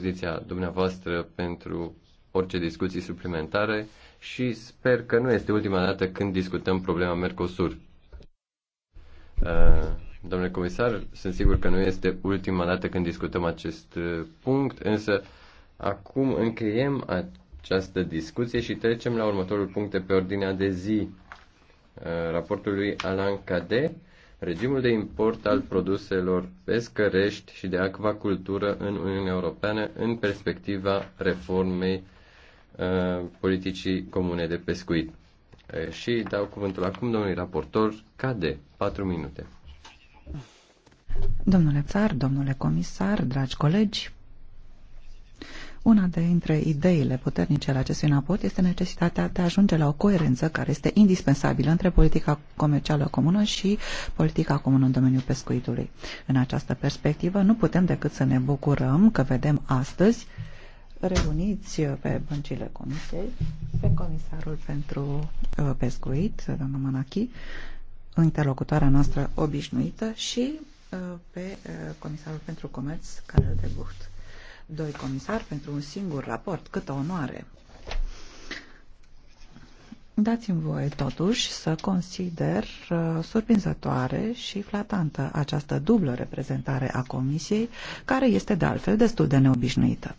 dispoziția dumneavoastră pentru orice discuții suplimentare și sper că nu este ultima dată când discutăm problema Mercosur. Uh, domnule comisar, sunt sigur că nu este ultima dată când discutăm acest uh, punct, însă acum încheiem această discuție și trecem la următorul punct de pe ordinea de zi uh, raportului Alan Cadet. Regimul de import al produselor pescărești și de acvacultură în Uniunea Europeană în perspectiva reformei uh, politicii comune de pescuit. Uh, și dau cuvântul acum domnului raportor Cade, 4 minute. Domnule țar, domnule comisar, dragi colegi, una dintre ideile puternice ale acestui raport este necesitatea de a ajunge la o coerență care este indispensabilă între politica comercială comună și politica comună în domeniul pescuitului. În această perspectivă, nu putem decât să ne bucurăm că vedem astăzi reuniți pe băncile comisiei, pe comisarul pentru uh, pescuit, doamna Manachi, interlocutoarea noastră obișnuită și uh, pe uh, comisarul pentru comerț, Karel de Gucht doi comisari pentru un singur raport. Câtă onoare! Dați-mi voie totuși să consider uh, surprinzătoare și flatantă această dublă reprezentare a Comisiei, care este de altfel destul de neobișnuită.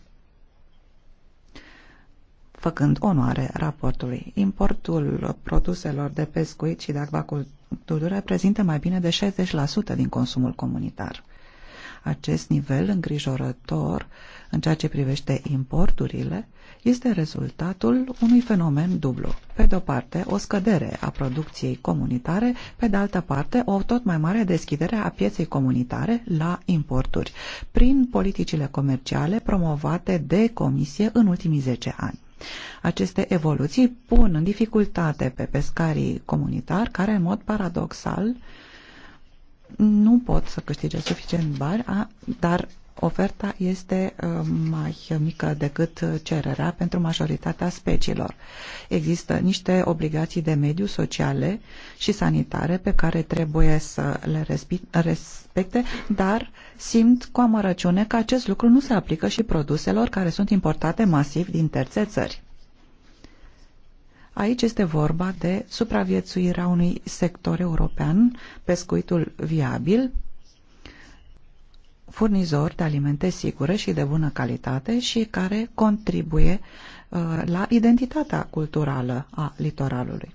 Făcând onoare raportului, importul produselor de pescuit și de acvacultură reprezintă mai bine de 60% din consumul comunitar. Acest nivel îngrijorător în ceea ce privește importurile este rezultatul unui fenomen dublu. Pe de o parte, o scădere a producției comunitare, pe de altă parte, o tot mai mare deschidere a pieței comunitare la importuri, prin politicile comerciale promovate de Comisie în ultimii 10 ani. Aceste evoluții pun în dificultate pe pescarii comunitari care, în mod paradoxal, nu pot să câștige suficient bani, dar Oferta este uh, mai mică decât cererea pentru majoritatea speciilor. Există niște obligații de mediu sociale și sanitare pe care trebuie să le respecte, dar simt cu amărăciune că acest lucru nu se aplică și produselor care sunt importate masiv din terțe țări. Aici este vorba de supraviețuirea unui sector european, pescuitul viabil, furnizori de alimente sigure și de bună calitate și care contribuie uh, la identitatea culturală a litoralului.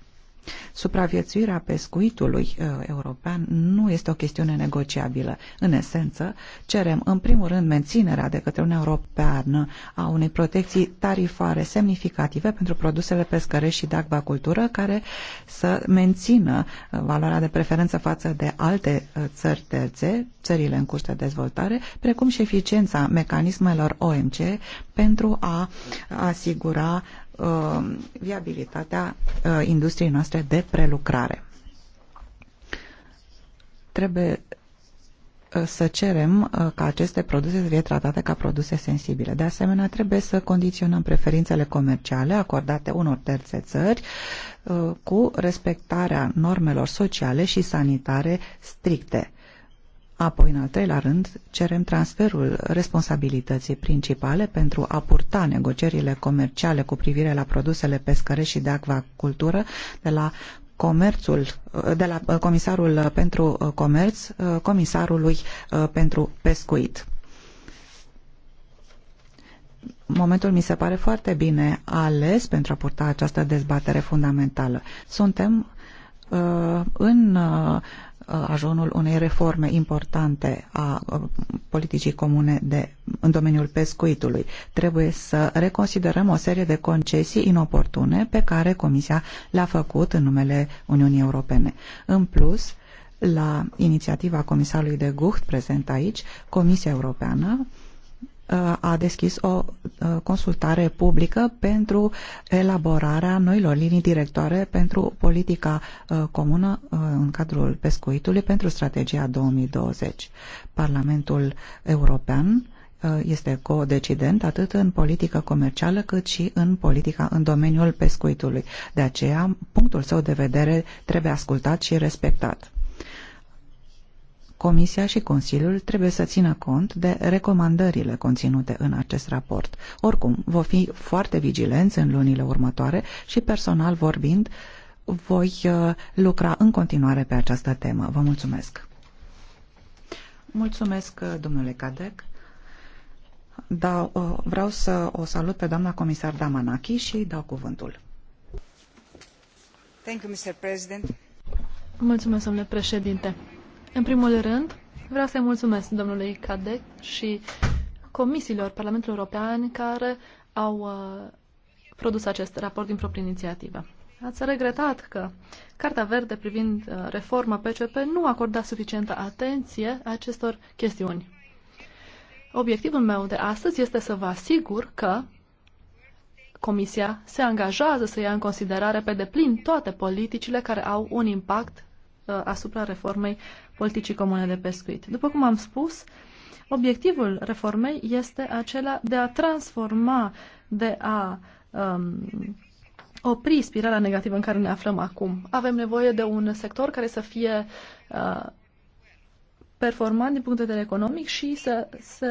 Supraviețuirea pescuitului uh, european nu este o chestiune negociabilă. În esență, cerem în primul rând menținerea de către Uniunea Europeană a unei protecții tarifare semnificative pentru produsele pescărești și de acvacultură care să mențină uh, valoarea de preferență față de alte uh, țări terțe, țările în curs de dezvoltare, precum și eficiența mecanismelor OMC pentru a asigura uh, viabilitatea uh, industriei noastre de prelucrare. Trebuie uh, să cerem uh, ca aceste produse să fie tratate ca produse sensibile. De asemenea, trebuie să condiționăm preferințele comerciale acordate unor terțe țări uh, cu respectarea normelor sociale și sanitare stricte. Apoi, în al treilea rând, cerem transferul responsabilității principale pentru a purta negocierile comerciale cu privire la produsele pescărești și de acvacultură de la comerțul, de la uh, comisarul pentru uh, comerț, uh, comisarului pentru pescuit. Momentul mi se pare foarte bine ales pentru a purta această dezbatere fundamentală. Suntem în ajunul unei reforme importante a politicii comune de, în domeniul pescuitului. Trebuie să reconsiderăm o serie de concesii inoportune pe care Comisia le-a făcut în numele Uniunii Europene. În plus, la inițiativa comisarului de Gucht prezent aici, Comisia Europeană a deschis o uh, consultare publică pentru elaborarea noilor linii directoare pentru politica uh, comună uh, în cadrul pescuitului pentru strategia 2020. Parlamentul European este co-decident atât în politică comercială cât și în politica în domeniul pescuitului. De aceea, punctul său de vedere trebuie ascultat și respectat. Comisia și Consiliul trebuie să țină cont de recomandările conținute în acest raport. Oricum, vor fi foarte vigilenți în lunile următoare și personal vorbind, voi uh, lucra în continuare pe această temă. Vă mulțumesc! Mulțumesc, uh, domnule Cadec. Da, vreau să o salut pe doamna comisar Damanaki și dau cuvântul. Thank you, Mr. President. Mulțumesc, domnule președinte. În primul rând, vreau să-i mulțumesc domnului Cadec și comisiilor Parlamentului European care au uh, produs acest raport din proprie inițiativă. Ați regretat că Carta Verde privind uh, reforma PCP nu acorda suficientă atenție acestor chestiuni. Obiectivul meu de astăzi este să vă asigur că Comisia se angajează să ia în considerare pe deplin toate politicile care au un impact Uh, asupra reformei politicii comune de pescuit. După cum am spus, obiectivul reformei este acela de a transforma, de a um, opri spirala negativă în care ne aflăm acum. Avem nevoie de un sector care să fie uh, performant din punct de vedere economic și să, să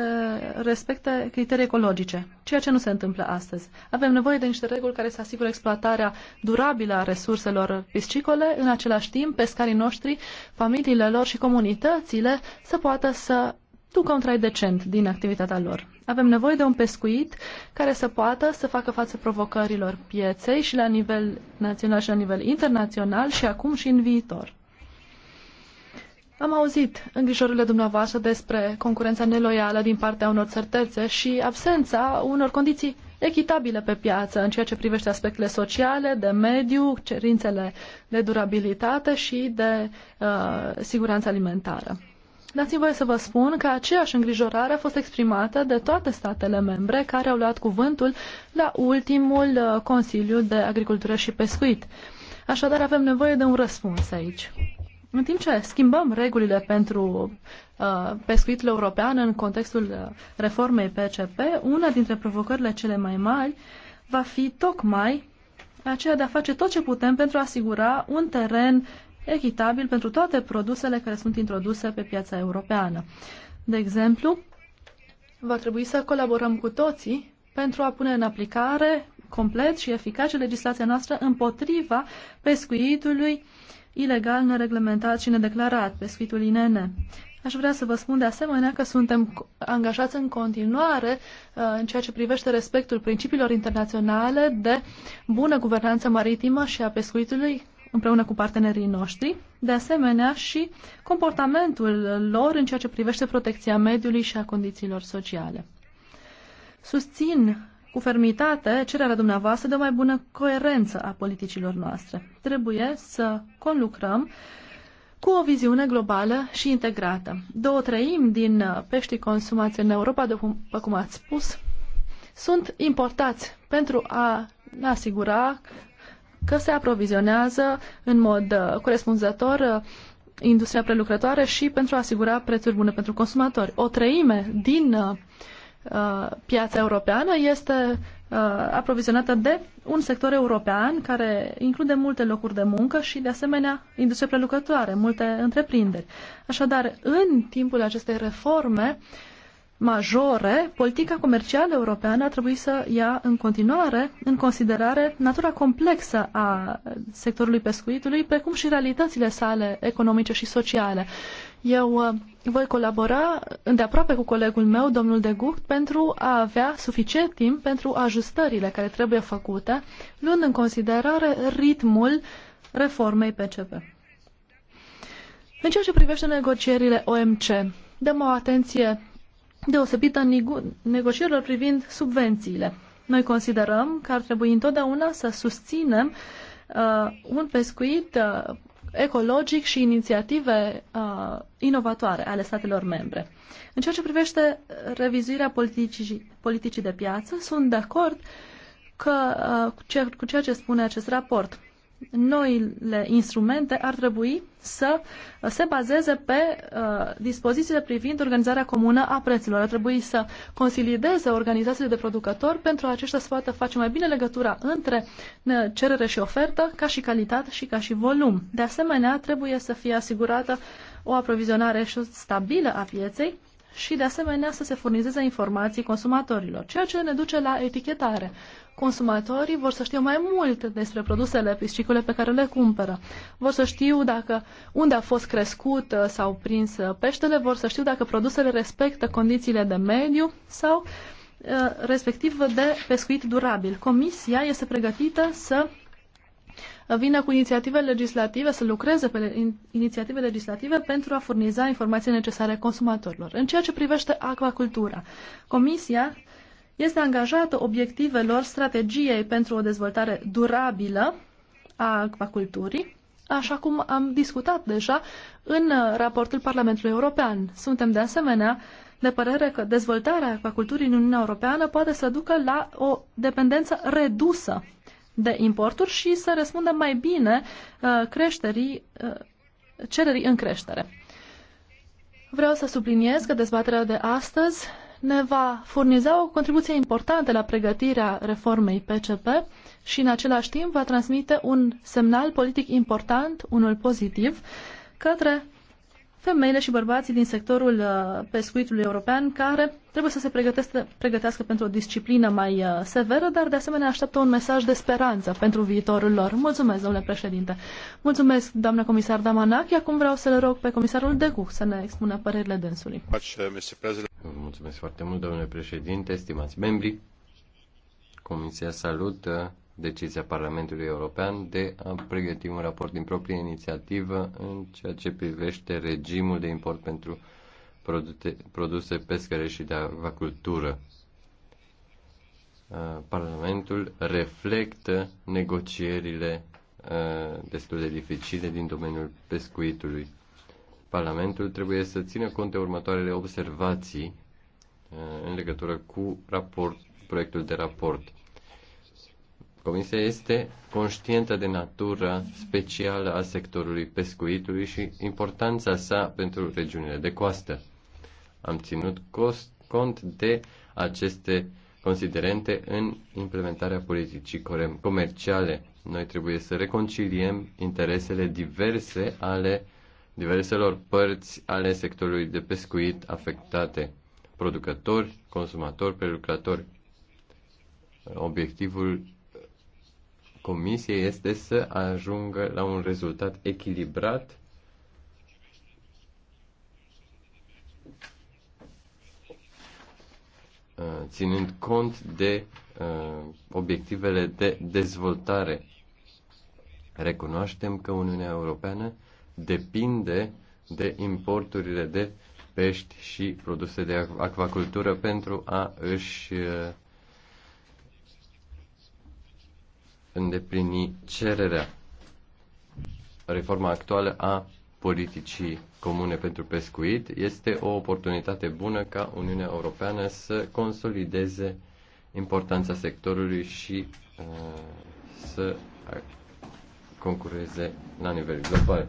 respecte criterii ecologice, ceea ce nu se întâmplă astăzi. Avem nevoie de niște reguli care să asigure exploatarea durabilă a resurselor piscicole, în același timp pescarii noștri, familiile lor și comunitățile să poată să ducă un trai decent din activitatea lor. Avem nevoie de un pescuit care să poată să facă față provocărilor pieței și la nivel național și la nivel internațional și acum și în viitor. Am auzit îngrijorările dumneavoastră despre concurența neloială din partea unor terțe și absența unor condiții echitabile pe piață în ceea ce privește aspectele sociale, de mediu, cerințele de durabilitate și de uh, siguranță alimentară. Dați-mi voie să vă spun că aceeași îngrijorare a fost exprimată de toate statele membre care au luat cuvântul la ultimul uh, Consiliu de Agricultură și Pescuit. Așadar, avem nevoie de un răspuns aici în timp ce schimbăm regulile pentru uh, pescuitul european în contextul uh, reformei PCP, una dintre provocările cele mai mari va fi tocmai aceea de a face tot ce putem pentru a asigura un teren echitabil pentru toate produsele care sunt introduse pe piața europeană. De exemplu, va trebui să colaborăm cu toții pentru a pune în aplicare complet și eficace legislația noastră împotriva pescuitului uh, ilegal, nereglementat și nedeclarat, pescuitul INN. Aș vrea să vă spun de asemenea că suntem angajați în continuare uh, în ceea ce privește respectul principiilor internaționale de bună guvernanță maritimă și a pescuitului împreună cu partenerii noștri, de asemenea și comportamentul lor în ceea ce privește protecția mediului și a condițiilor sociale. Susțin cu fermitate cererea dumneavoastră de o mai bună coerență a politicilor noastre. Trebuie să conlucrăm cu o viziune globală și integrată. Două treimi din peștii consumați în Europa, după cum ați spus, sunt importați pentru a asigura că se aprovizionează în mod uh, corespunzător uh, industria prelucrătoare și pentru a asigura prețuri bune pentru consumatori. O treime din uh, Uh, piața europeană este uh, aprovizionată de un sector european care include multe locuri de muncă și, de asemenea, industrie prelucătoare, multe întreprinderi. Așadar, în timpul acestei reforme majore, politica comercială europeană a trebuit să ia în continuare în considerare natura complexă a sectorului pescuitului, precum și realitățile sale economice și sociale. Eu uh, voi colabora îndeaproape cu colegul meu, domnul de Gucht, pentru a avea suficient timp pentru ajustările care trebuie făcute, luând în considerare ritmul reformei PCP. În ceea ce privește negocierile OMC, dăm o atenție deosebită în negocierilor privind subvențiile. Noi considerăm că ar trebui întotdeauna să susținem uh, un pescuit uh, ecologic și inițiative uh, inovatoare ale statelor membre. În ceea ce privește revizuirea politicii, politicii de piață, sunt de acord că, uh, cu, ceea, cu ceea ce spune acest raport noile instrumente ar trebui să se bazeze pe uh, dispozițiile privind organizarea comună a prețurilor. Ar trebui să consolideze organizațiile de producători pentru aceștia să poată face mai bine legătura între uh, cerere și ofertă, ca și calitate și ca și volum. De asemenea, trebuie să fie asigurată o aprovizionare stabilă a pieței și, de asemenea, să se furnizeze informații consumatorilor, ceea ce ne duce la etichetare. Consumatorii vor să știu mai mult despre produsele piscicole pe care le cumpără. Vor să știu dacă unde a fost crescut uh, sau prins uh, peștele, vor să știu dacă produsele respectă condițiile de mediu sau uh, respectiv de pescuit durabil. Comisia este pregătită să vină cu inițiative legislative, să lucreze pe inițiative legislative pentru a furniza informații necesare consumatorilor. În ceea ce privește acvacultura, Comisia este angajată obiectivelor strategiei pentru o dezvoltare durabilă a acvaculturii, așa cum am discutat deja în raportul Parlamentului European. Suntem de asemenea de părere că dezvoltarea acvaculturii în Uniunea Europeană poate să ducă la o dependență redusă de importuri și să răspundă mai bine uh, creșterii, uh, cererii în creștere. Vreau să subliniez că dezbaterea de astăzi ne va furniza o contribuție importantă la pregătirea reformei PCP și în același timp va transmite un semnal politic important, unul pozitiv, către femeile și bărbații din sectorul uh, pescuitului european care trebuie să se pregătească, pregătească pentru o disciplină mai uh, severă, dar de asemenea așteaptă un mesaj de speranță pentru viitorul lor. Mulțumesc, domnule președinte. Mulțumesc, doamna comisar Damanac. Acum vreau să le rog pe comisarul Decu să ne expună părerile dânsului. Mulțumesc foarte mult, domnule președinte, stimați membri. Comisia salută decizia Parlamentului European de a pregăti un raport din proprie inițiativă în ceea ce privește regimul de import pentru produse, produse pescare și de avacultură. Uh, Parlamentul reflectă negocierile uh, destul de dificile din domeniul pescuitului. Parlamentul trebuie să țină cont de următoarele observații uh, în legătură cu raport, proiectul de raport Comisia este conștientă de natura specială a sectorului pescuitului și importanța sa pentru regiunile de coastă. Am ținut cost, cont de aceste considerente în implementarea politicii comerciale. Noi trebuie să reconciliem interesele diverse ale diverselor părți ale sectorului de pescuit afectate, producători, consumatori, prelucrători. Obiectivul Comisiei este să ajungă la un rezultat echilibrat uh, ținând cont de uh, obiectivele de dezvoltare. Recunoaștem că Uniunea Europeană depinde de importurile de pești și produse de acvacultură pentru a își uh, îndeplini cererea. Reforma actuală a politicii comune pentru pescuit este o oportunitate bună ca Uniunea Europeană să consolideze importanța sectorului și uh, să concureze la nivel global,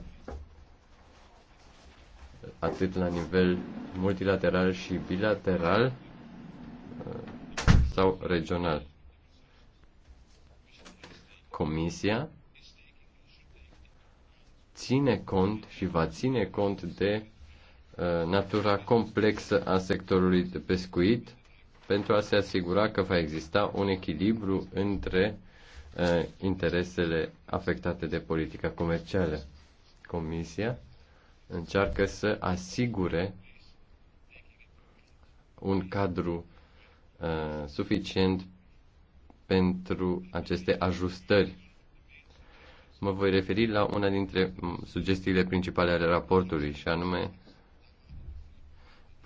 atât la nivel multilateral și bilateral uh, sau regional. Comisia ține cont și va ține cont de uh, natura complexă a sectorului de pescuit pentru a se asigura că va exista un echilibru între uh, interesele afectate de politica comercială. Comisia încearcă să asigure un cadru uh, suficient pentru aceste ajustări. Mă voi referi la una dintre sugestiile principale ale raportului, și anume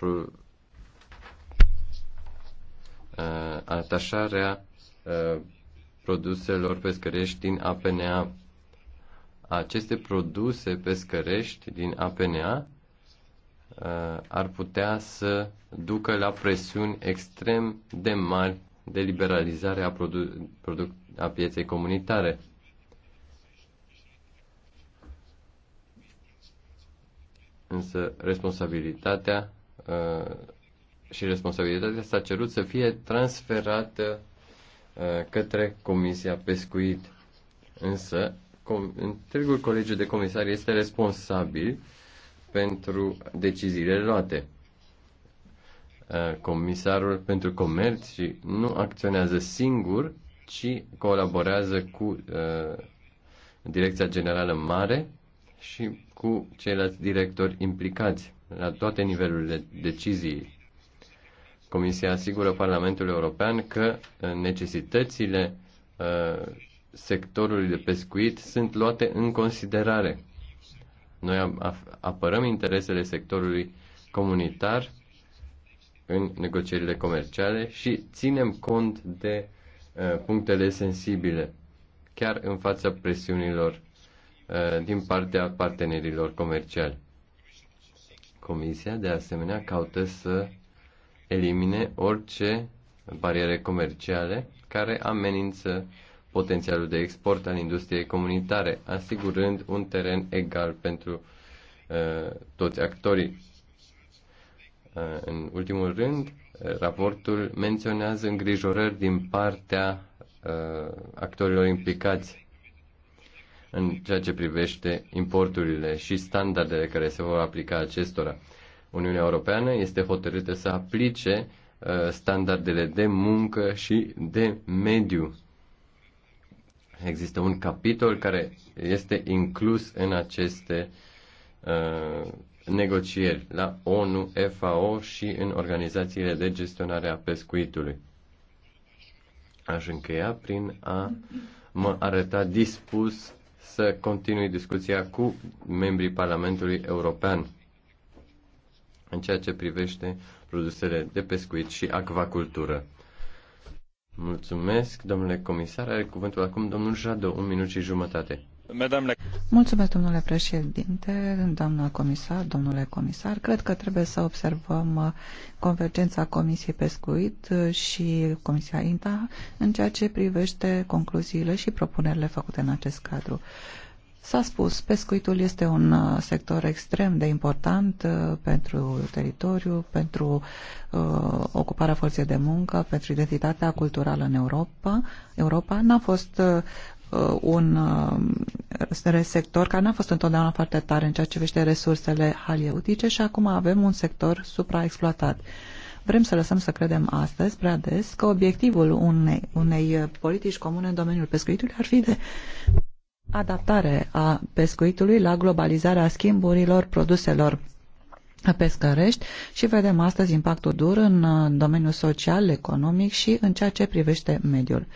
uh, atașarea uh, produselor pescărești din APNA. Aceste produse pescărești din APNA uh, ar putea să ducă la presiuni extrem de mari de liberalizare a, produ- produ- a pieței comunitare. Însă responsabilitatea uh, și responsabilitatea s-a cerut să fie transferată uh, către Comisia Pescuit. Însă, com- întregul colegiu de comisari este responsabil pentru deciziile luate. Uh, comisarul pentru comerț și nu acționează singur, ci colaborează cu uh, Direcția Generală Mare și cu ceilalți directori implicați la toate nivelurile deciziei. Comisia asigură Parlamentul European că uh, necesitățile uh, sectorului de pescuit sunt luate în considerare. Noi apărăm interesele sectorului comunitar în negocierile comerciale și ținem cont de uh, punctele sensibile, chiar în fața presiunilor uh, din partea partenerilor comerciali. Comisia, de asemenea, caută să elimine orice bariere comerciale care amenință potențialul de export al industriei comunitare, asigurând un teren egal pentru uh, toți actorii Uh, în ultimul rând, uh, raportul menționează îngrijorări din partea uh, actorilor implicați în ceea ce privește importurile și standardele care se vor aplica acestora. Uniunea Europeană este hotărâtă să aplice standardele de muncă și de mediu. Există un capitol care este inclus în aceste uh, negocieri la ONU, FAO și în organizațiile de gestionare a pescuitului. Aș încheia prin a mă arăta dispus să continui discuția cu membrii Parlamentului European în ceea ce privește produsele de pescuit și acvacultură. Mulțumesc, domnule comisar. Are cuvântul acum domnul Jado, un minut și jumătate. Mulțumesc, domnule președinte, doamna comisar, domnule comisar. Cred că trebuie să observăm uh, convergența Comisiei Pescuit uh, și Comisia INTA în ceea ce privește concluziile și propunerile făcute în acest cadru. S-a spus, pescuitul este un uh, sector extrem de important pentru teritoriu, pentru uh, ocuparea forței de muncă, pentru identitatea culturală în Europa. Europa n-a fost Uh, un uh, sector care n-a fost întotdeauna foarte tare în ceea ce vește resursele halieutice și acum avem un sector supraexploatat. Vrem să lăsăm să credem astăzi, prea des, că obiectivul unei, unei politici comune în domeniul pescuitului ar fi de adaptare a pescuitului la globalizarea schimburilor produselor pescărești și vedem astăzi impactul dur în uh, domeniul social, economic și în ceea ce privește mediul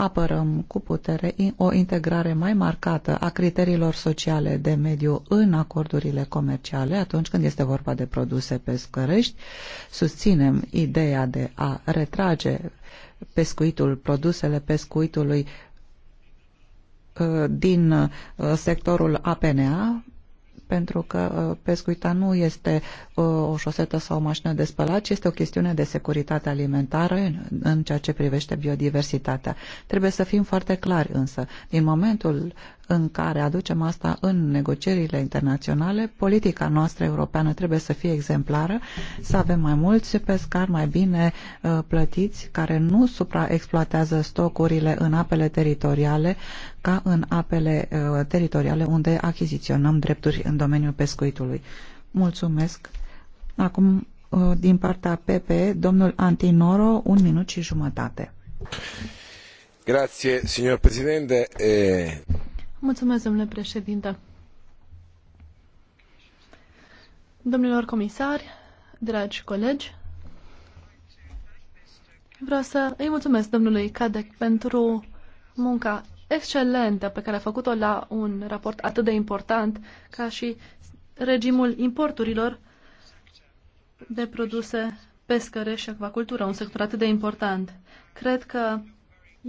apărăm cu putere o integrare mai marcată a criteriilor sociale de mediu în acordurile comerciale atunci când este vorba de produse pescărești. Susținem ideea de a retrage pescuitul, produsele pescuitului ă, din ă, sectorul APNA pentru că uh, pescuita nu este uh, o șosetă sau o mașină de spălat, ci este o chestiune de securitate alimentară în ceea ce privește biodiversitatea. Trebuie să fim foarte clari însă. Din momentul în care aducem asta în negocierile internaționale, politica noastră europeană trebuie să fie exemplară, să avem mai mulți pescari mai bine uh, plătiți, care nu supraexploatează stocurile în apele teritoriale ca în apele uh, teritoriale unde achiziționăm drepturi în domeniul pescuitului. Mulțumesc. Acum, uh, din partea PPE, domnul Antinoro, un minut și jumătate. Grazie, signor Presidente. eh, Mulțumesc, domnule președinte. Domnilor comisari, dragi colegi, vreau să îi mulțumesc domnului Cadec pentru munca excelentă pe care a făcut-o la un raport atât de important ca și regimul importurilor de produse pescăre și acvacultură, un sector atât de important. Cred că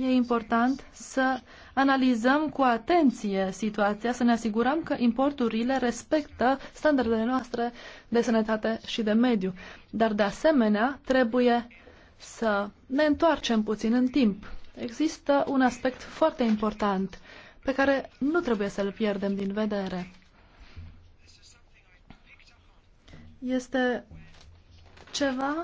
e important să analizăm cu atenție situația, să ne asigurăm că importurile respectă standardele noastre de sănătate și de mediu. Dar, de asemenea, trebuie să ne întoarcem puțin în timp. Există un aspect foarte important pe care nu trebuie să-l pierdem din vedere. Este ceva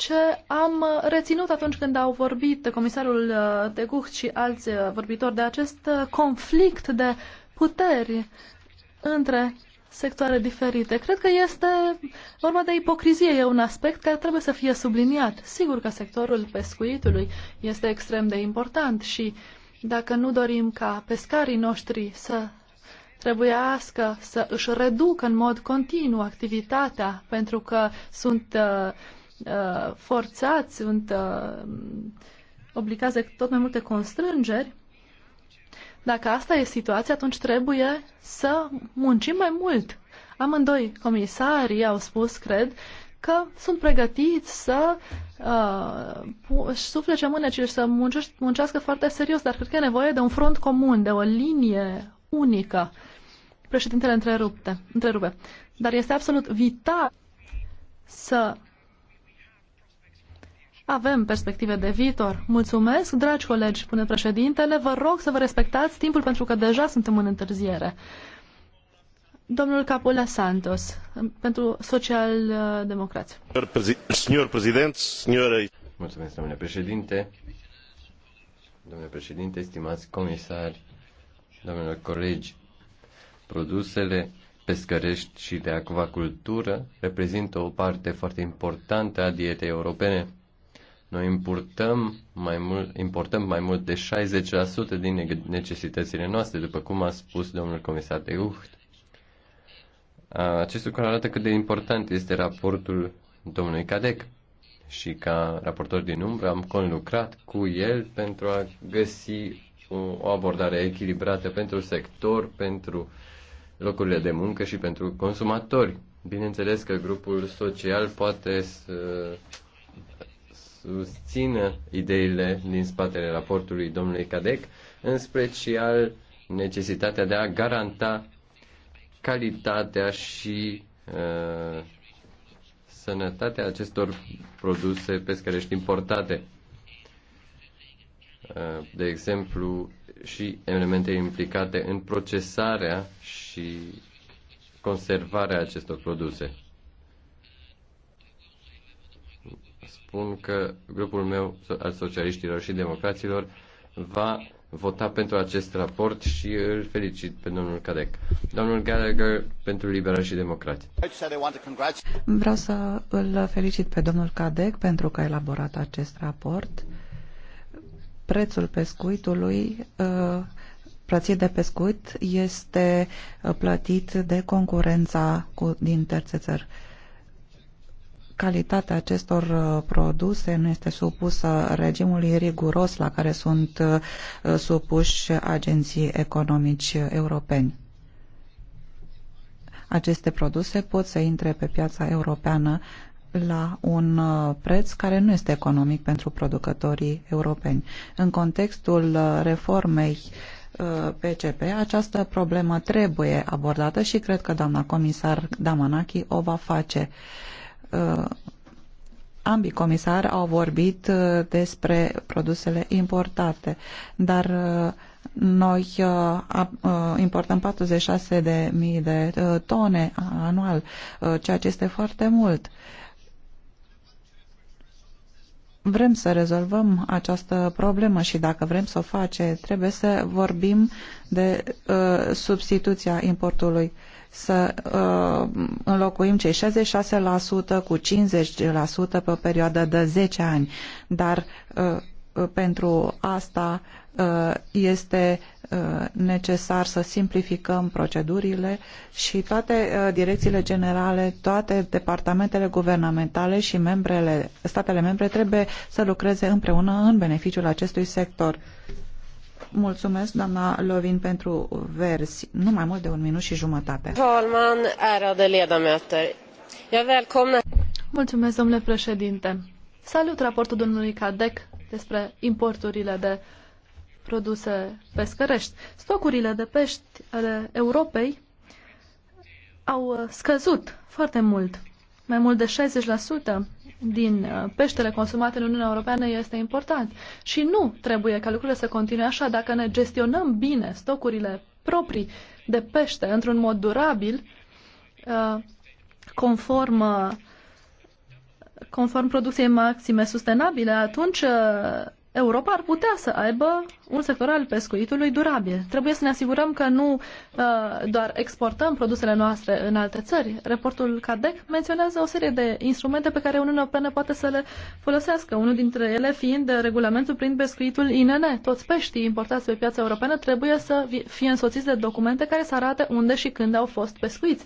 ce am uh, reținut atunci când au vorbit comisarul uh, de Gucht și alți uh, vorbitori de acest conflict de puteri între sectoare diferite. Cred că este vorba de ipocrizie, e un aspect care trebuie să fie subliniat. Sigur că sectorul pescuitului este extrem de important și dacă nu dorim ca pescarii noștri să trebuiască să își reducă în mod continuu activitatea pentru că sunt uh, Uh, forțați, sunt uh, obligați de tot mai multe constrângeri, dacă asta e situația, atunci trebuie să muncim mai mult. Amândoi comisarii au spus, cred, că sunt pregătiți să uh, suflece mânecile și să muncească foarte serios, dar cred că e nevoie de un front comun, de o linie unică. Președintele întrerupte, întrerupe. Dar este absolut vital să avem perspective de viitor. Mulțumesc, dragi colegi, spune președintele. Vă rog să vă respectați timpul pentru că deja suntem în întârziere. Domnul Capula Santos, pentru social-democrați. Signor prezident, signore... Mulțumesc, domnule președinte. Domnule președinte, stimați comisari, domnilor colegi, produsele pescărești și de acvacultură reprezintă o parte foarte importantă a dietei europene noi importăm mai mult, importăm mai mult de 60% din necesitățile noastre, după cum a spus domnul comisar de Ucht. Acest lucru arată cât de important este raportul domnului Cadec și ca raportor din umbră am conlucrat cu el pentru a găsi o abordare echilibrată pentru sector, pentru locurile de muncă și pentru consumatori. Bineînțeles că grupul social poate să susțină ideile din spatele raportului domnului Cadec, în special necesitatea de a garanta calitatea și uh, sănătatea acestor produse pescărești importate. Uh, de exemplu, și elemente implicate în procesarea și conservarea acestor produse. spun că grupul meu al socialiștilor și democraților va vota pentru acest raport și îl felicit pe domnul Cadec. Domnul Gallagher pentru Liberal și Democrați. Vreau să îl felicit pe domnul Cadec pentru că a elaborat acest raport. Prețul pescuitului ă, plătit de pescuit este plătit de concurența cu, din terțe țări calitatea acestor uh, produse nu este supusă regimului riguros la care sunt uh, supuși agenții economici europeni. Aceste produse pot să intre pe piața europeană la un uh, preț care nu este economic pentru producătorii europeni. În contextul reformei PCP, această problemă trebuie abordată și cred că doamna comisar Damanaki o va face. Uh, ambii comisari au vorbit uh, despre produsele importate, dar uh, noi importăm 46.000 de mii de tone anual, ceea ce este foarte mult. Vrem să rezolvăm această problemă și dacă vrem să o facem, trebuie să vorbim de substituția importului uh, să uh, înlocuim cei 66% cu 50% pe o perioadă de 10 ani, dar uh, pentru asta uh, este uh, necesar să simplificăm procedurile și toate uh, direcțiile generale, toate departamentele guvernamentale și membrele, statele membre trebuie să lucreze împreună în beneficiul acestui sector. Mulțumesc, doamna Lovin, pentru versi. Nu mai mult de un minut și jumătate. Talman, ärade ledamöter. Jag välkomnar... Mulțumesc, domnule președinte. Salut raportul domnului Cadec despre importurile de produse pescărești. Stocurile de pești ale Europei au uh, scăzut foarte mult, mai mult de 60% din uh, peștele consumat în Uniunea Europeană este important. Și nu trebuie ca lucrurile să continue așa. Dacă ne gestionăm bine stocurile proprii de pește într-un mod durabil, uh, conform, uh, conform producției maxime sustenabile, atunci Europa ar putea să aibă un sector al pescuitului durabil. Trebuie să ne asigurăm că nu uh, doar exportăm produsele noastre în alte țări. Raportul CADEC menționează o serie de instrumente pe care Uniunea Europeană poate să le folosească, unul dintre ele fiind regulamentul prin pescuitul INN. Toți peștii importați pe piața europeană trebuie să fie însoțiți de documente care să arate unde și când au fost pescuiți.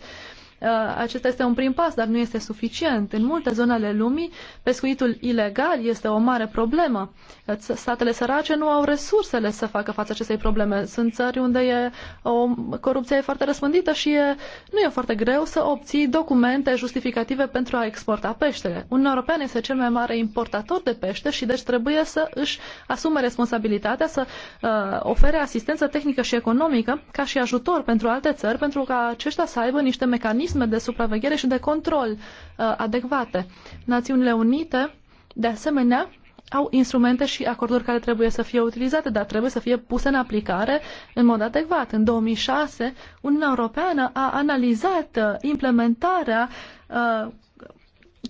Uh, acesta este un prim pas, dar nu este suficient. În multe zone ale lumii, pescuitul ilegal este o mare problemă. Statele sărace nu au resursele să facă față acestei probleme. Sunt țări unde e o corupție foarte răspândită și e, nu e foarte greu să obții documente justificative pentru a exporta peștele. un european este cel mai mare importator de pește și deci trebuie să își asume responsabilitatea să uh, ofere asistență tehnică și economică ca și ajutor pentru alte țări pentru ca aceștia să aibă niște mecanisme mecanisme de supraveghere și de control uh, adecvate. Națiunile Unite, de asemenea, au instrumente și acorduri care trebuie să fie utilizate, dar trebuie să fie puse în aplicare în mod adecvat. În 2006, Uniunea Europeană a analizat uh, implementarea uh,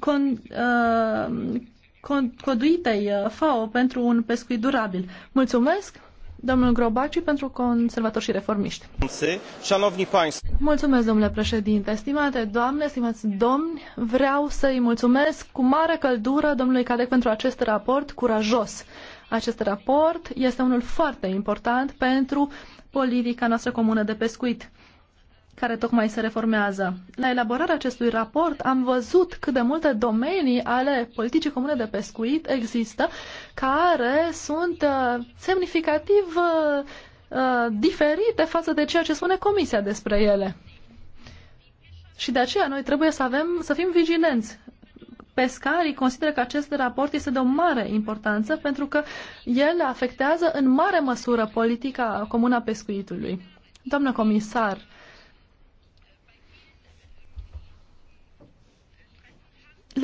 con, uh, con, conduitei uh, FAO pentru un pescuit durabil. Mulțumesc! Domnul Grobaci pentru conservatori și reformiști. Mulțumesc, domnule președinte. Stimate doamne, stimați domni, vreau să-i mulțumesc cu mare căldură domnului Cadec pentru acest raport curajos. Acest raport este unul foarte important pentru politica noastră comună de pescuit care tocmai se reformează. La elaborarea acestui raport am văzut cât de multe domenii ale politicii comune de pescuit există care sunt uh, semnificativ uh, uh, diferite față de ceea ce spune Comisia despre ele. Și de aceea noi trebuie să, avem, să fim vigilenți pescarii consideră că acest raport este de o mare importanță pentru că el afectează în mare măsură politica comună a pescuitului. Doamnă comisar,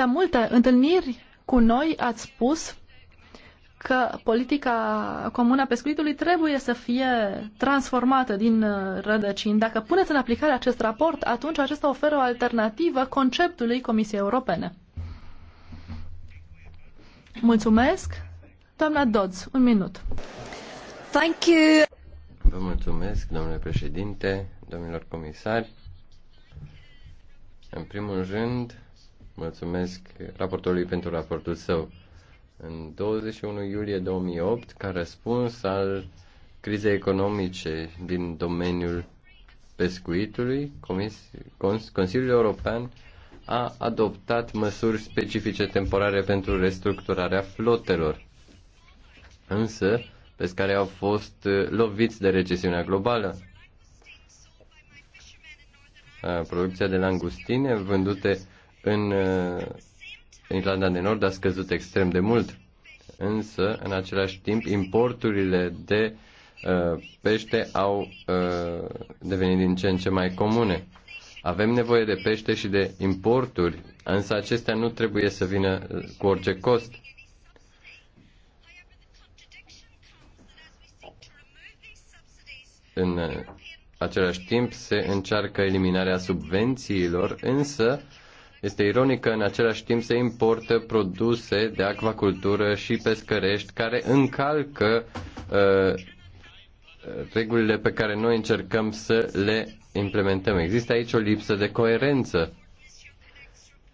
la multe întâlniri cu noi ați spus că politica comună a pescuitului trebuie să fie transformată din uh, rădăcini. Dacă puneți în aplicare acest raport, atunci acesta oferă o alternativă conceptului Comisiei Europene. Mulțumesc. Doamna Dodds, un minut. Thank you. Vă mulțumesc, domnule președinte, domnilor comisari. În primul rând, Mulțumesc raportorului pentru raportul său. În 21 iulie 2008, ca răspuns al crizei economice din domeniul pescuitului, Consiliul European a adoptat măsuri specifice temporare pentru restructurarea flotelor. Însă, pescarii au fost uh, loviți de recesiunea globală. Uh, producția de langustine vândute în uh, Irlanda de Nord a scăzut extrem de mult, însă, în același timp, importurile de uh, pește au uh, devenit din ce în ce mai comune. Avem nevoie de pește și de importuri, însă acestea nu trebuie să vină uh, cu orice cost. În uh, același timp se încearcă eliminarea subvențiilor, însă uh, este ironic că în același timp se importă produse de acvacultură și pescărești care încalcă uh, regulile pe care noi încercăm să le implementăm. Există aici o lipsă de coerență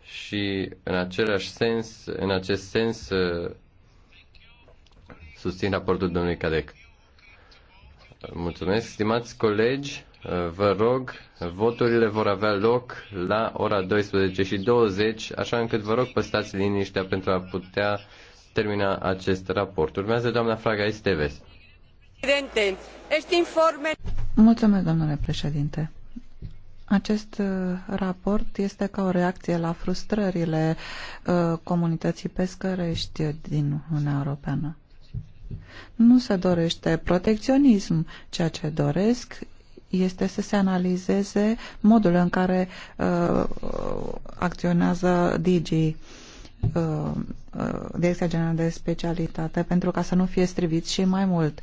și în același sens, în acest sens uh, susțin raportul domnului Cadec. Mulțumesc, stimați colegi. Vă rog, voturile vor avea loc la ora 12 și 20, așa încât vă rog păstați liniștea pentru a putea termina acest raport. Urmează doamna Fraga Esteves. Mulțumesc, domnule președinte. Acest uh, raport este ca o reacție la frustrările uh, comunității pescărești din Uniunea Europeană. Nu se dorește protecționism. Ceea ce doresc este să se analizeze modul în care uh, acționează DG, uh, uh, Direcția Generală de Specialitate, pentru ca să nu fie strivit și mai mult.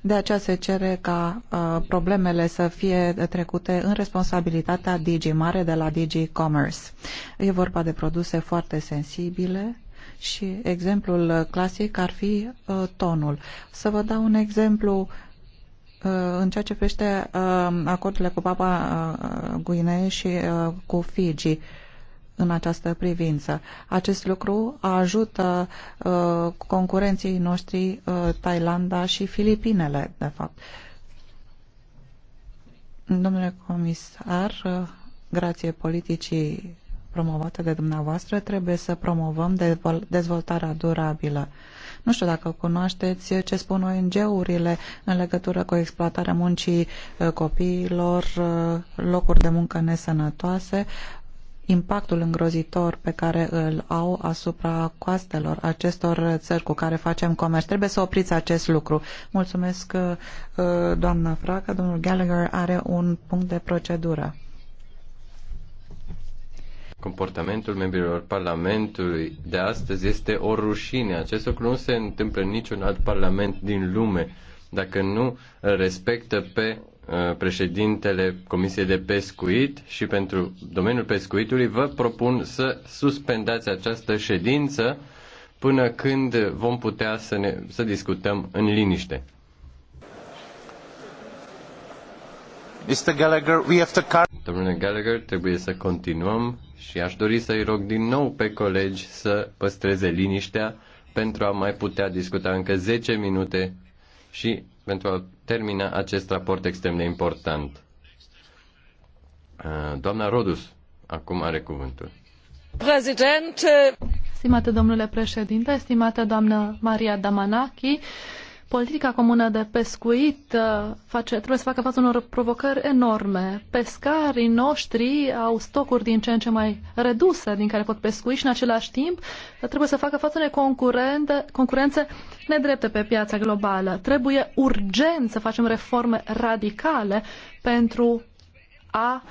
De aceea se cere ca uh, problemele să fie trecute în responsabilitatea DG Mare de la DG Commerce. E vorba de produse foarte sensibile și exemplul clasic ar fi uh, tonul. Să vă dau un exemplu Uh, în ceea ce privește uh, acordurile cu Papa uh, Guinei și cu Fiji în această privință. Acest lucru ajută concurenții noștri Thailanda și Filipinele, de fapt. Domnule comisar, grație politicii promovate de dumneavoastră, trebuie să promovăm dezvoltarea durabilă nu știu dacă cunoașteți ce spun ONG-urile în legătură cu exploatarea muncii uh, copiilor, uh, locuri de muncă nesănătoase, impactul îngrozitor pe care îl au asupra coastelor acestor țări cu care facem comerț. Trebuie să opriți acest lucru. Mulțumesc, uh, doamna Fraca. Domnul Gallagher are un punct de procedură comportamentul membrilor Parlamentului de astăzi este o rușine. Acest lucru nu se întâmplă în niciun alt Parlament din lume. Dacă nu îl respectă pe uh, președintele Comisiei de Pescuit și pentru domeniul pescuitului, vă propun să suspendați această ședință până când vom putea să, ne, să discutăm în liniște. Mr. Gallagher, we have to... Domnule Gallagher, trebuie să continuăm și aș dori să-i rog din nou pe colegi să păstreze liniștea pentru a mai putea discuta încă 10 minute și pentru a termina acest raport extrem de important. Uh, doamna Rodus, acum are cuvântul. Președinte. Stimate domnule președinte, stimată doamnă Maria Damanachi, Politica comună de pescuit uh, face, trebuie să facă față unor provocări enorme. Pescarii noștri au stocuri din ce în ce mai reduse din care pot pescui și în același timp trebuie să facă față unei concurențe nedrepte pe piața globală. Trebuie urgent să facem reforme radicale pentru a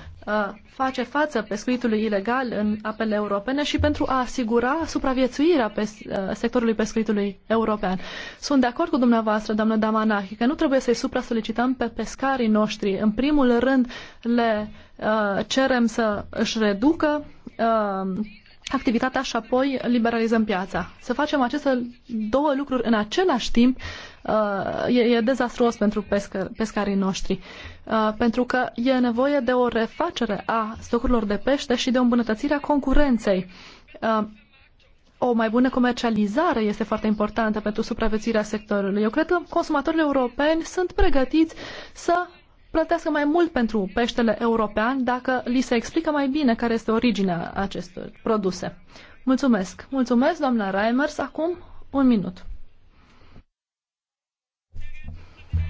face față pescuitului ilegal în apele europene și pentru a asigura supraviețuirea pes sectorului pescuitului european. Sunt de acord cu dumneavoastră, doamnă Damanachi, că nu trebuie să-i supra-solicităm pe pescarii noștri. În primul rând le uh, cerem să își reducă uh, activitatea și apoi liberalizăm piața. Să facem aceste două lucruri în același timp uh, e, e dezastruos pentru pescă, pescarii noștri, uh, pentru că e nevoie de o refacere a stocurilor de pește și de o îmbunătățire a concurenței. Uh, o mai bună comercializare este foarte importantă pentru supraviețuirea sectorului. Eu cred că consumatorii europeni sunt pregătiți să plătească mai mult pentru peștele european dacă li se explică mai bine care este originea acestor produse. Mulțumesc. Mulțumesc, doamna Reimers. Acum un minut.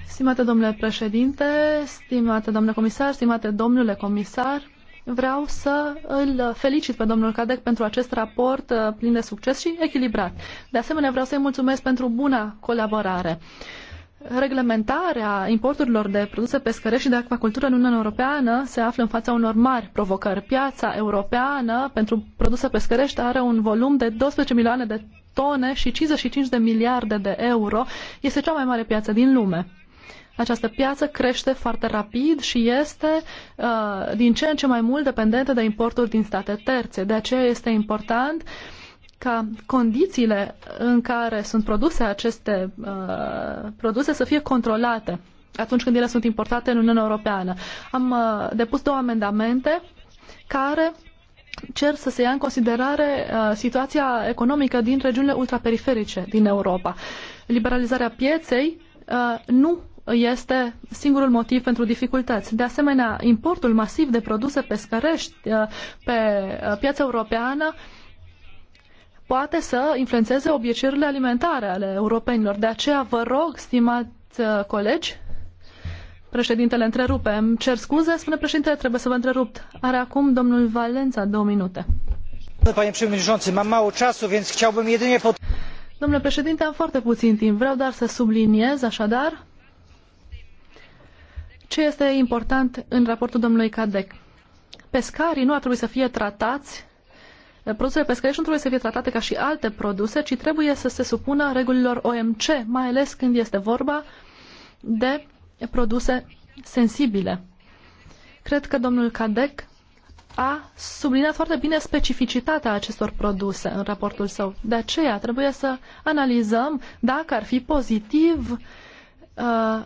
Stimate domnule președinte, stimate domnule comisar, stimate domnule comisar, vreau să îl felicit pe domnul Cadec pentru acest raport uh, plin de succes și echilibrat. De asemenea, vreau să-i mulțumesc pentru buna colaborare reglementarea importurilor de produse pescărești și de acvacultură în Uniunea Europeană se află în fața unor mari provocări. Piața europeană pentru produse pescărești are un volum de 12 milioane de tone și 55 de miliarde de euro. Este cea mai mare piață din lume. Această piață crește foarte rapid și este uh, din ce în ce mai mult dependentă de importuri din state terțe. De aceea este important uh, ca condițiile în care sunt produse aceste uh, produse să fie controlate atunci când ele sunt importate în Uniunea Europeană. Am uh, depus două amendamente care cer să se ia în considerare uh, situația economică din regiunile ultraperiferice din Europa. Liberalizarea pieței uh, nu este singurul motiv pentru dificultăți. De asemenea, importul masiv de produse pescărești uh, pe uh, piața europeană uh, poate să influențeze obiceiurile alimentare ale europenilor. De aceea vă rog, stimați uh, colegi, președintele întrerupe. Îmi cer scuze, spune președintele, trebuie să vă întrerup. Are acum domnul Valența două minute. Panie președinte, mam mało czasu, więc chciałbym jedynie pod... Domnule președinte, am foarte puțin timp. Vreau doar să subliniez, așadar, ce este important în raportul domnului Cadec. Pescarii nu ar trebui să fie tratați produsele pescărești nu trebuie să fie tratate ca și alte produse, ci trebuie să se supună regulilor OMC, mai ales când este vorba de produse sensibile. Cred că domnul Cadec a subliniat foarte bine specificitatea acestor produse în raportul său. De aceea trebuie să analizăm dacă ar fi pozitiv uh,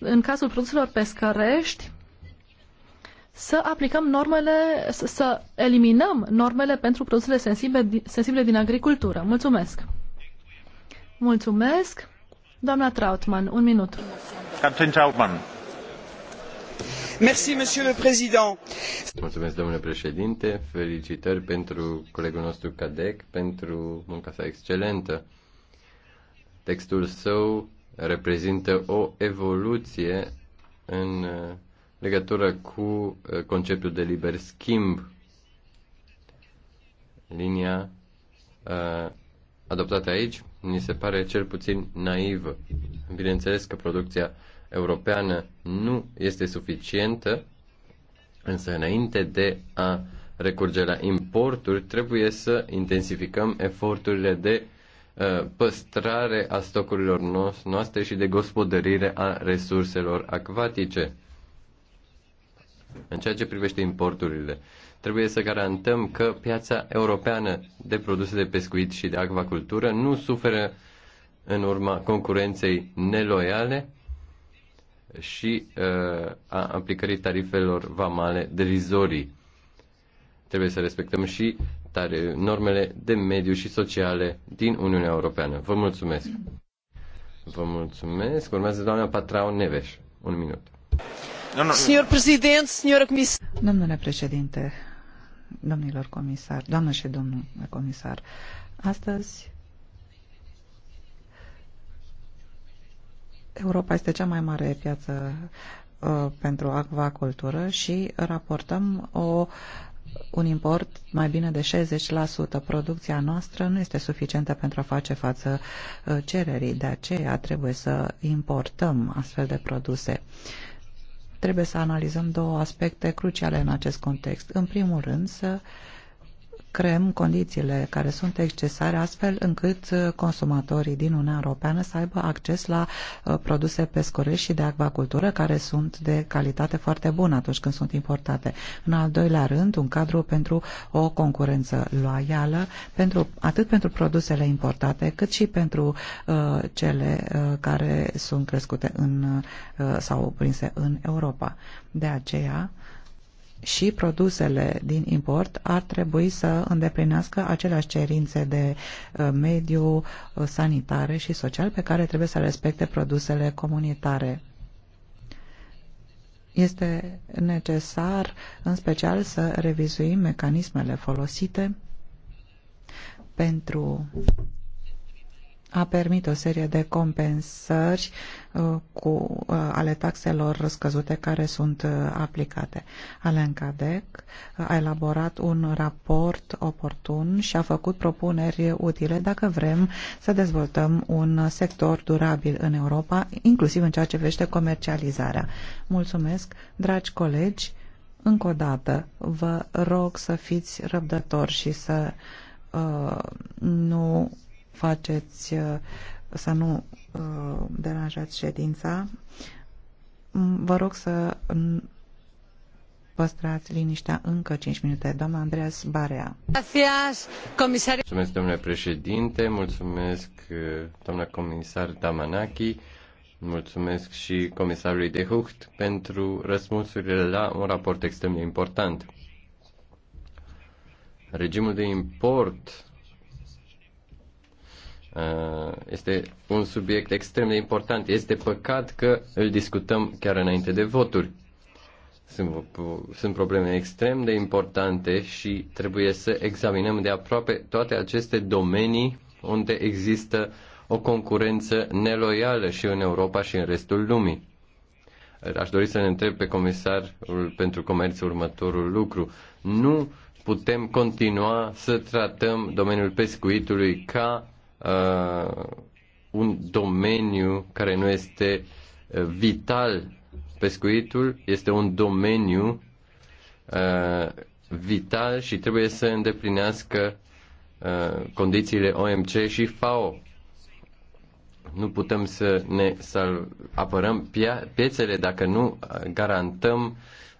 în cazul produselor pescărești să aplicăm normele, să eliminăm normele pentru produsele sensibile, sensibile din agricultură. Mulțumesc! Mulțumesc! Doamna Trautmann, un minut. Captain Trautmann. Merci, monsieur le président. Mulțumesc, domnule președinte. Felicitări pentru colegul nostru Cadec pentru munca sa excelentă. Textul său reprezintă o evoluție în legătură cu uh, conceptul de liber schimb, linia uh, adoptată aici mi se pare cel puțin naivă. Bineînțeles că producția europeană nu este suficientă, însă înainte de a recurge la importuri, trebuie să intensificăm eforturile de uh, păstrare a stocurilor noastre și de gospodărire a resurselor acvatice în ceea ce privește importurile, trebuie să garantăm că piața europeană de produse de pescuit și de acvacultură nu suferă în urma concurenței neloiale și uh, a aplicării tarifelor vamale derizorii. Trebuie să respectăm și tare, normele de mediu și sociale din Uniunea Europeană. Vă mulțumesc! Vă mulțumesc! Urmează doamna Patrao Neveș. Un minut. Domnule președinte, domnilor comisari, doamnă și domnule comisar, astăzi Europa este cea mai mare piață uh, pentru acvacultură și raportăm o un import mai bine de 60%. Producția noastră nu este suficientă pentru a face față uh, cererii, de aceea trebuie să importăm astfel de produse. Uh, trebuie să analizăm două aspecte cruciale în acest context. În primul rând, să creăm condițiile care sunt excesare astfel încât uh, consumatorii din Uniunea Europeană să aibă acces la uh, produse pescorești și de acvacultură care sunt de calitate foarte bună atunci când sunt importate. În al doilea rând, un cadru pentru o concurență loială pentru, atât pentru produsele importate cât și pentru uh, cele uh, care sunt crescute în, uh, sau prinse în Europa. De aceea, și produsele din import ar trebui să îndeplinească aceleași cerințe de uh, mediu, uh, sanitare și social pe care trebuie să respecte produsele comunitare. Este necesar, în special, să revizuim mecanismele folosite pentru a permit o serie de compensări uh, cu, uh, ale taxelor scăzute care sunt uh, aplicate. Alain Cadec a elaborat un raport oportun și a făcut propuneri utile dacă vrem să dezvoltăm un sector durabil în Europa, inclusiv în ceea ce privește comercializarea. Mulțumesc, dragi colegi, încă o dată vă rog să fiți răbdători și să uh, nu faceți uh, să nu uh, deranjați ședința. Mm, vă rog să păstrați liniștea încă 5 minute. Doamna Andreas Barea. Mulțumesc, domnule președinte, mulțumesc, uh, doamna comisar Damanaki, mulțumesc și comisarului de Hucht pentru răspunsurile la un raport extrem de important. Regimul de import Uh, este un subiect extrem de important. Este păcat că îl discutăm chiar înainte de voturi. Sunt, sunt probleme extrem de importante și trebuie să examinăm de aproape toate aceste domenii unde există o concurență neloială și în Europa și în restul lumii. Aș dori să ne întreb pe comisarul pentru comerț următorul lucru. Nu putem continua să tratăm domeniul pescuitului ca uh, un domeniu care nu este uh, vital. Pescuitul este un domeniu uh, vital și trebuie să îndeplinească uh, condițiile OMC și FAO. Nu putem să ne sal- apărăm piețele dacă nu uh, garantăm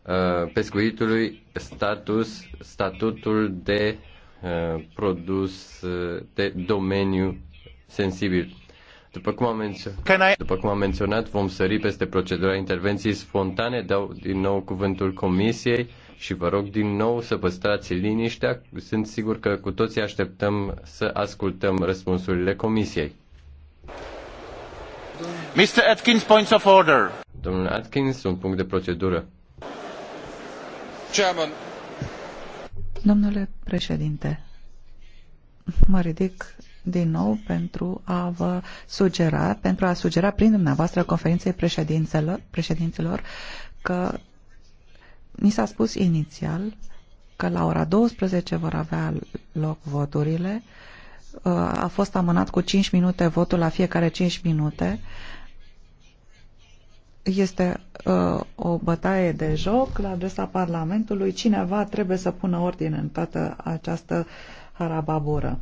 uh, pescuitului status, statutul de Uh, produs uh, de domeniu sensibil. După cum, am menționat, după cum am menționat, vom sări peste procedura intervenției spontane, dau din nou cuvântul comisiei și vă rog din nou să păstrați liniștea. Sunt sigur că cu toții așteptăm să ascultăm răspunsurile comisiei. Mr. Atkins, points of order. Domnul Atkins, un punct de procedură. Chairman, Domnule președinte, mă ridic din nou pentru a vă sugera, pentru a sugera prin dumneavoastră conferinței președințelor, președinților că ni s-a spus inițial că la ora 12 vor avea loc voturile, a fost amânat cu 5 minute votul la fiecare 5 minute, este uh, o bătaie de joc la adresa Parlamentului. Cineva trebuie să pună ordine în toată această harababură.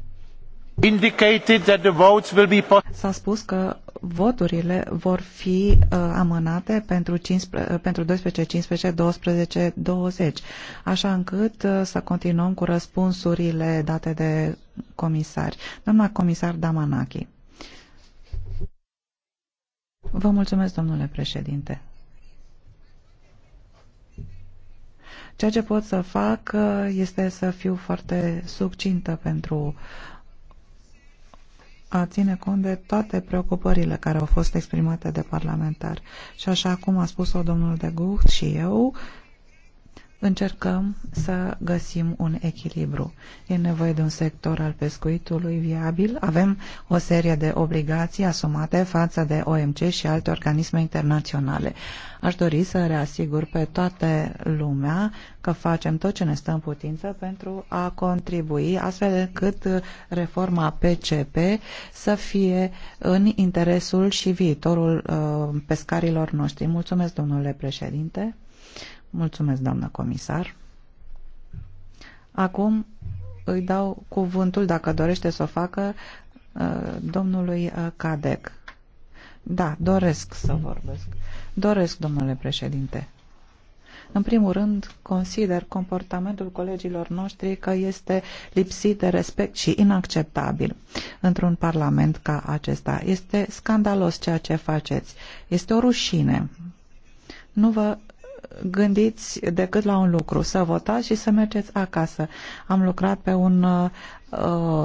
S-a spus că voturile vor fi uh, amânate pentru, 15, uh, pentru 12, 15, 12, 20, așa încât uh, să continuăm cu răspunsurile date de comisari. Doamna comisar Damanachi. Vă mulțumesc, domnule președinte. Ceea ce pot să fac uh, este să fiu foarte succintă pentru a ține cont de toate preocupările care au fost exprimate de parlamentari. Și așa cum a spus-o domnul de Gucht și eu, încercăm să găsim un echilibru. E nevoie de un sector al pescuitului viabil. Avem o serie de obligații asumate față de OMC și alte organisme internaționale. Aș dori să reasigur pe toată lumea că facem tot ce ne stă în putință pentru a contribui astfel încât reforma PCP să fie în interesul și viitorul uh, pescarilor noștri. Mulțumesc, domnule președinte. Mulțumesc, doamnă comisar. Acum îi dau cuvântul, dacă dorește să o facă, uh, domnului uh, Cadec. Da, doresc să vorbesc. Doresc, domnule președinte. În primul rând, consider comportamentul colegilor noștri că este lipsit de respect și inacceptabil într-un parlament ca acesta. Este scandalos ceea ce faceți. Este o rușine. Nu vă gândiți decât la un lucru, să votați și să mergeți acasă. Am lucrat pe un uh,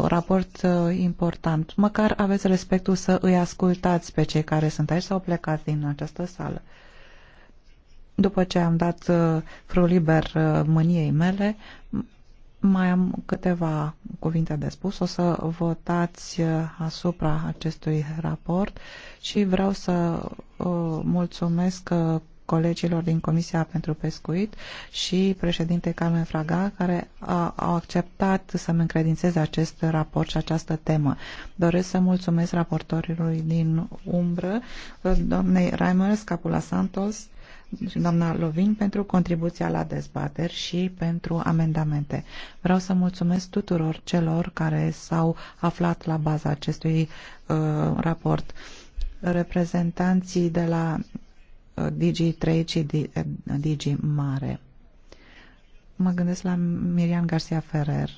raport uh, important. Măcar aveți respectul să îi ascultați pe cei care sunt aici sau plecați din această sală. După ce am dat uh, liber uh, mâniei mele, mai am câteva cuvinte de spus. O să votați uh, asupra acestui raport și vreau să uh, mulțumesc uh, colegilor din Comisia pentru Pescuit și președinte Carmen Fraga, care a, au acceptat să-mi încredințeze acest raport și această temă. Doresc să mulțumesc raportorilor din umbră, doamnei Reimers, Capula Santos, și doamna Lovin pentru contribuția la dezbateri și pentru amendamente. Vreau să mulțumesc tuturor celor care s-au aflat la baza acestui uh, raport. Reprezentanții de la Uh, Digi3, și uh, Digi Mare. Mă gândesc la Mirian Garcia Ferrer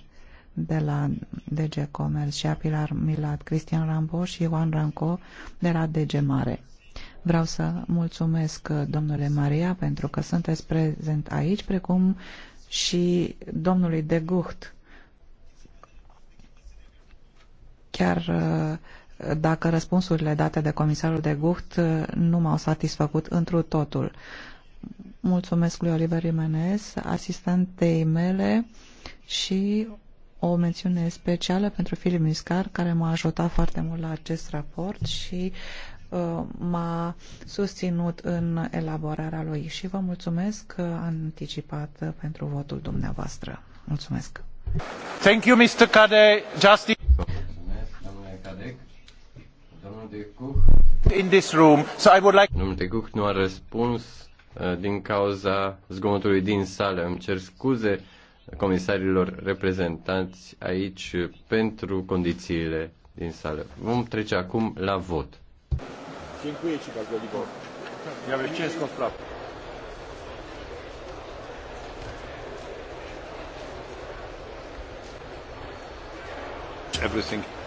de la DG Commerce și Apilar Milat, Cristian Rambo și Ioan Ranco de la DG Mare. Vreau să mulțumesc, uh, domnule Maria, pentru că sunteți prezent aici, precum și domnului de Gucht. Chiar dacă răspunsurile date de comisarul de Gucht uh, nu m-au satisfăcut întru totul. Mulțumesc lui Oliver Jimenez, asistentei mele și o mențiune specială pentru Filip Miscar, care m-a ajutat foarte mult la acest raport și uh, m-a susținut în elaborarea lui și vă mulțumesc uh, anticipat pentru votul dumneavoastră. Mulțumesc! Thank you, Mr. Cade. Domnul de in de nu a răspuns uh, din cauza zgomotului din sală. Îmi cer scuze comisarilor reprezentanți aici uh, pentru condițiile din sală. Vom trece acum la vot. Everything.